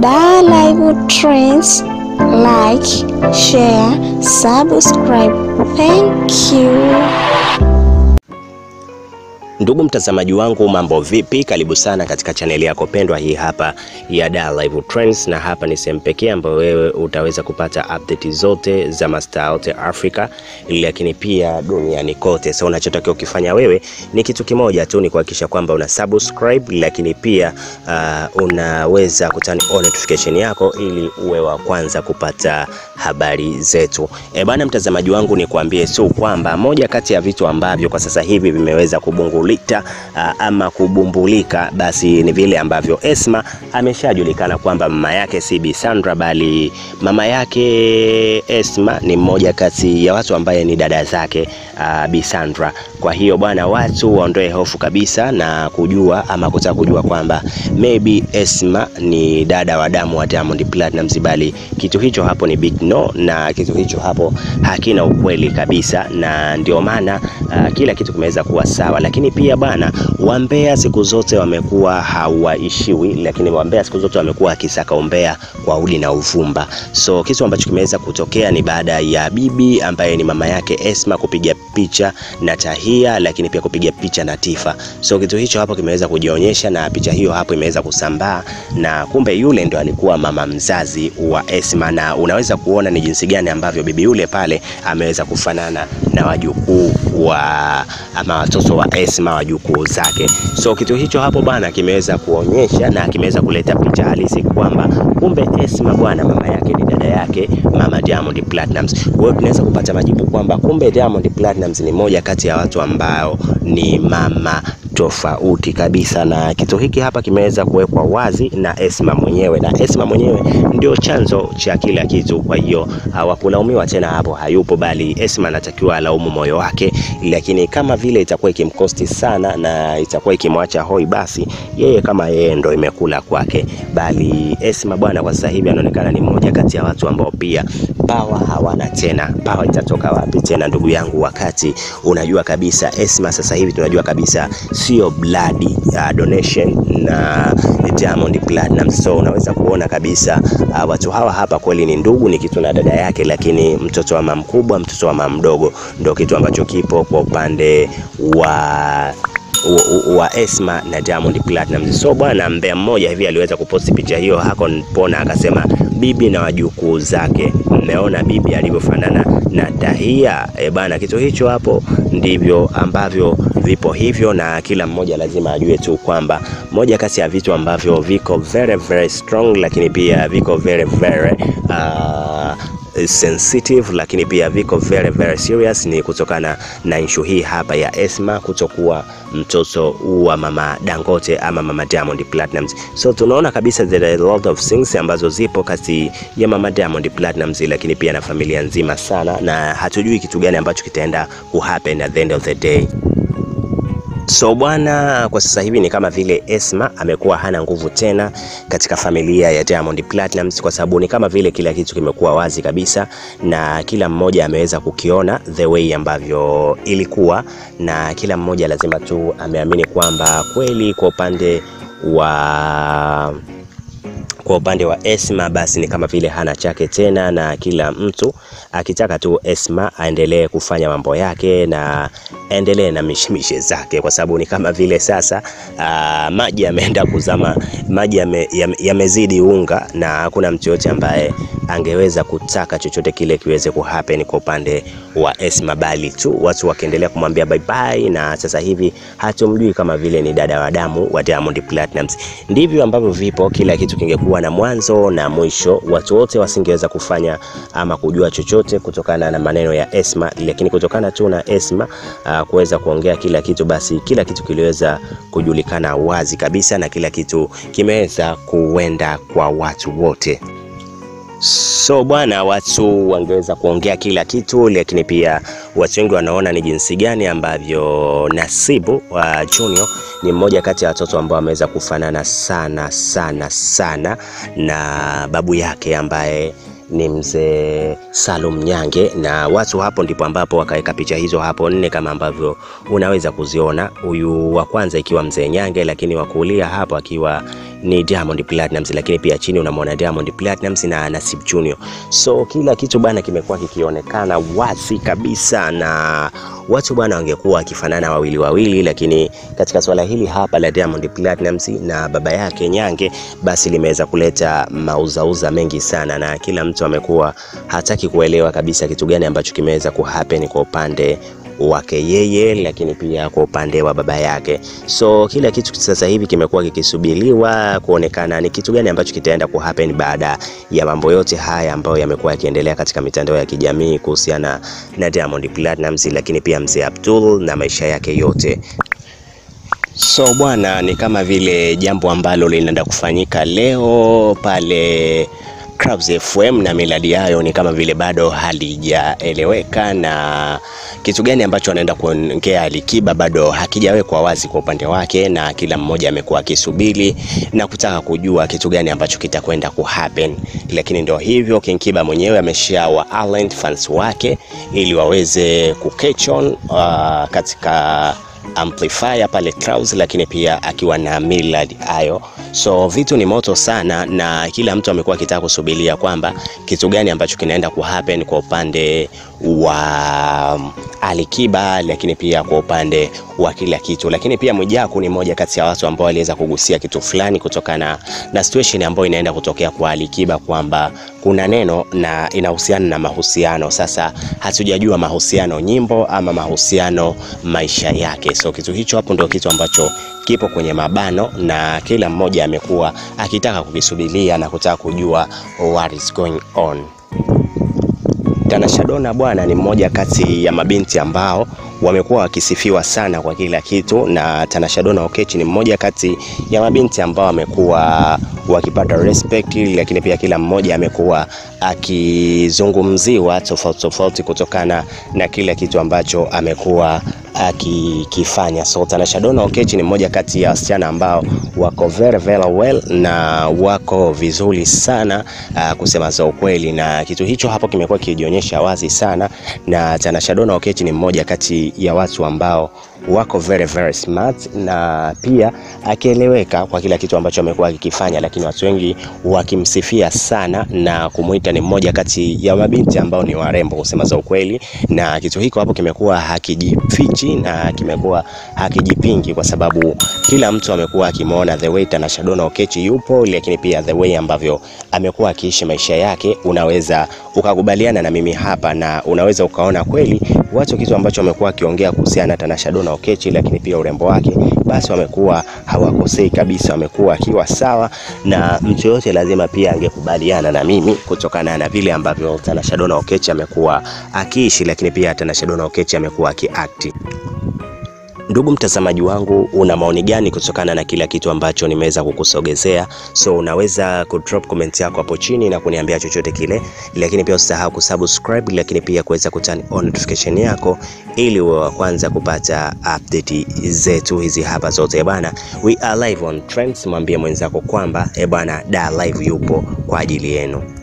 that live trends like share subscribe thank you Ndugu mtazamaji wangu, mambo vipi? Karibu sana katika chaneli yako pendwa hii hapa ya Dar Live Trends, na hapa ni sehemu pekee ambayo wewe utaweza kupata update zote za mastaa wote Afrika, lakini pia duniani kote. Sasa so, unachotakiwa ukifanya wewe ni kitu kimoja tu, ni kuhakikisha kwamba una subscribe, lakini pia uh, unaweza kuturn on notification yako ili uwe wa kwanza kupata habari zetu. E bana, mtazamaji wangu, ni kuambie tu kwamba moja kati ya vitu ambavyo kwa sasa hivi vimeweza kubunguli kuita ama kubumbulika, basi ni vile ambavyo Esma ameshajulikana kwamba mama yake si Bi Sandra, bali mama yake Esma ni mmoja kati ya watu ambaye ni dada zake Bi Sandra. Kwa hiyo bwana, watu waondoe hofu kabisa na kujua ama kutaka kujua kwamba maybe Esma ni dada wa damu wa Diamond Platnumz, bali kitu hicho hapo ni big no, na kitu hicho hapo hakina ukweli kabisa, na ndio maana kila kitu kimeweza kuwa sawa, lakini pia Tanzania bana, Wambea siku zote wamekuwa hawaishiwi, lakini Wambea siku zote wamekuwa akisaka umbea kwa uli na uvumba. So kisu ambacho kimeweza kutokea ni baada ya bibi ambaye ni mama yake Esma kupiga picha na Tahia, lakini pia kupiga picha na Tifa. So kitu hicho hapo kimeweza kujionyesha na picha hiyo hapo imeweza kusambaa, na kumbe yule ndo alikuwa mama mzazi wa Esma, na unaweza kuona ni jinsi gani ambavyo bibi yule pale ameweza kufanana na wajukuu wa ama watoto wa Esma kama wajukuu zake. So kitu hicho hapo bana kimeweza kuonyesha na kimeweza kuleta picha halisi kwamba kumbe Esma bwana, mama yake ni dada yake mama Diamond Platnumz. Kwa hiyo tunaweza kupata majibu kwamba kumbe Diamond Platnumz ni moja kati ya watu ambao ni mama tofauti kabisa, na kitu hiki hapa kimeweza kuwekwa wazi na Esma mwenyewe, na Esma mwenyewe ndio chanzo cha kila kitu. Kwa hiyo hawakulaumiwa tena, hapo hayupo, bali Esma anatakiwa alaumu moyo wake, lakini kama vile itakuwa ikimkosti sana na itakuwa ikimwacha hoi, basi yeye kama yeye ndo imekula kwake, bali Esma bwana, kwa sasa hivi anaonekana ni mmoja kati ya watu ambao pia pawa hawana tena. Pawa itatoka wapi tena, ndugu yangu, wakati unajua kabisa Esma sasa hivi tunajua kabisa sio blood uh, donation na Diamond platinum. So unaweza kuona kabisa uh, watu hawa hapa kweli ni ndugu, ni kitu na dada yake, lakini mtoto wa mama mkubwa, mtoto wa mama mdogo, ndio kitu ambacho kipo kwa upande wa wa Esma na Diamond Platnumz. So bwana mbea mmoja hivi aliweza kuposti picha hiyo hako pona, akasema bibi na wajukuu zake Mmeona bibi alivyofanana na Tahia e bana, kitu hicho hapo ndivyo ambavyo vipo hivyo, na kila mmoja lazima ajue tu kwamba moja kati ya vitu ambavyo viko very very strong, lakini pia viko very very uh, Eh, sensitive, lakini pia viko very very serious. Ni kutokana na issue hii hapa ya Esma kutokuwa mtoto wa mama Dangote ama mama Diamond Platnumz. So tunaona kabisa there are a lot of things ambazo zipo kati ya mama Diamond Platnumz, lakini pia na familia nzima sana, na hatujui kitu gani ambacho kitaenda ku happen at the end of the day. So bwana, kwa sasa hivi ni kama vile Esma amekuwa hana nguvu tena katika familia ya Diamond Platnumz, kwa sababu ni kama vile kila kitu kimekuwa wazi kabisa na kila mmoja ameweza kukiona the way ambavyo ilikuwa, na kila mmoja lazima tu ameamini kwamba kweli kwa upande wa kwa upande wa Esma basi ni kama vile hana chake tena, na kila mtu akitaka tu Esma aendelee kufanya mambo yake na aendelee na mishimishe zake, kwa sababu ni kama vile sasa ah, maji yameenda kuzama, maji yamezidi ya unga, na hakuna mtu yoyote ambaye angeweza kutaka chochote kile kiweze kuhappen kwa upande wa Esma, bali tu watu wakiendelea kumwambia bye bye, na sasa hivi hatumjui kama vile ni dada wa damu wa Diamond Platnumz. Ndivyo ambavyo vipo, kila kitu kingekuwa na mwanzo na mwisho, watu wote wasingeweza kufanya ama kujua chochote kutokana na maneno ya Esma, lakini kutokana tu na Esma ah, kuweza kuongea kila kitu, basi kila kitu kiliweza kujulikana wazi kabisa na kila kitu kimeweza kuenda kwa watu wote. So bwana, watu wangeweza kuongea kila kitu, lakini pia watu wengi wanaona ni jinsi gani ambavyo Nasibu wa Junior ni mmoja kati ya watoto ambao wameweza kufanana sana sana sana na babu yake ambaye ni mzee Salum Nyange, na watu hapo ndipo ambapo wakaweka picha hizo hapo nne kama ambavyo unaweza kuziona, huyu wa kwanza ikiwa mzee Nyange, lakini wa kulia hapo akiwa ni Diamond Platnumz, lakini pia chini unamwona Diamond Platnumz na Nasib Junior. So kila kitu bana kimekuwa kikionekana wazi kabisa, na watu bana wangekuwa wakifanana wawili wawili, lakini katika swala hili hapa la Diamond Platnumz na baba yake Nyange, basi limeweza kuleta mauzauza mengi sana, na kila mtu amekuwa hataki kuelewa kabisa kitu gani ambacho kimeweza kuhappen kwa upande wake yeye, lakini pia kwa upande wa baba yake. So kila kitu sasa hivi kimekuwa kikisubiriwa kuonekana ni kitu gani ambacho kitaenda ku happen baada ya mambo yote haya ambayo yamekuwa yakiendelea katika mitandao ya kijamii kuhusiana na Diamond Platnumz, lakini pia mzee Abdul na maisha yake yote. So bwana, ni kama vile jambo ambalo linaenda kufanyika leo pale Clubs FM na miladi yayo ni kama vile bado halijaeleweka, na kitu gani ambacho anaenda kuongea Alikiba bado hakijawekwa wazi kwa upande wake, na kila mmoja amekuwa akisubiri na kutaka kujua kitu gani ambacho kitakwenda kuhappen. Lakini ndio hivyo, King Kiba mwenyewe wa alert fans wake ili waweze kukechon uh, katika amplifier pale Kraus, lakini pia akiwa na Millard Ayo. So vitu ni moto sana, na kila mtu amekuwa akitaka kusubiria kwamba kitu gani ambacho kinaenda ku happen kwa upande wa um, Alikiba, lakini pia kwa upande wa kila kitu. Lakini pia Mwijaku ni moja kati ya watu ambao waliweza kugusia kitu fulani kutokana na situation ambayo inaenda kutokea kwa Alikiba kwamba kuna neno na inahusiana na mahusiano. Sasa hatujajua mahusiano nyimbo ama mahusiano maisha yake, so kitu hicho hapo ndio kitu ambacho kipo kwenye mabano na kila mmoja amekuwa akitaka kukisubiria na kutaka kujua what is going on. Tanasha bwana ni mmoja kati ya mabinti ambao wamekuwa wakisifiwa sana kwa kila kitu, na Tanasha Donna Okechi ni mmoja kati ya mabinti ambao wamekuwa wakipata respect, lakini pia kila mmoja amekuwa akizungumziwa tofauti tofauti kutokana na kila kitu ambacho amekuwa akikifanya. So Tanasha Donna Okechi ni mmoja kati ya wasichana ambao wako very very well na wako vizuri sana uh, kusema za ukweli, na kitu hicho hapo kimekuwa kijionyesha wazi sana, na Tanasha Donna Okechi ni mmoja kati ya watu ambao wako very very smart na pia akieleweka kwa kila kitu ambacho amekuwa akikifanya, lakini watu wengi wakimsifia sana na kumuita ni mmoja kati ya mabinti ambao ni warembo kusema za ukweli, na kitu hiko hapo kimekuwa hakijifichi na kimekuwa hakijipingi, kwa sababu kila mtu amekuwa akimwona the way Tanasha Donna Okechi yupo, lakini pia the way ambavyo amekuwa akiishi maisha yake, unaweza ukakubaliana na mimi hapa na unaweza ukaona kweli watu kitu ambacho amekuwa akiongea kuhusiana na Tanasha na Okechi, lakini pia urembo wake, basi wamekuwa hawakosei kabisa, wamekuwa akiwa sawa, na mtu yote lazima pia angekubaliana na mimi kutokana na vile ambavyo Tanasha Donna Okechi amekuwa akiishi, lakini pia Tanasha Donna Okechi amekuwa akiakti. Ndugu mtazamaji wangu, una maoni gani kutokana na kila kitu ambacho nimeweza kukusogezea? So unaweza kudrop comment yako hapo chini na kuniambia chochote kile, lakini pia usisahau kusubscribe, lakini pia kuweza kuturn on notification yako ili wa kwanza kupata update zetu hizi hapa zote eh bana. We are live on trends, mwambie mwenzako kwamba e eh bwana, Da Live yupo kwa ajili yenu.